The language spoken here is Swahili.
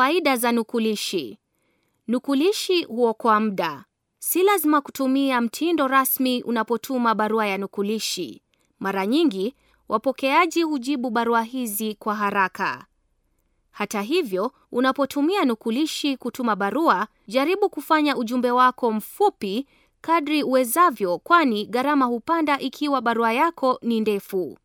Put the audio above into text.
Faida za nukulishi. Nukulishi huokoa muda. Si lazima kutumia mtindo rasmi unapotuma barua ya nukulishi. Mara nyingi, wapokeaji hujibu barua hizi kwa haraka. Hata hivyo, unapotumia nukulishi kutuma barua, jaribu kufanya ujumbe wako mfupi kadri uwezavyo kwani gharama hupanda ikiwa barua yako ni ndefu.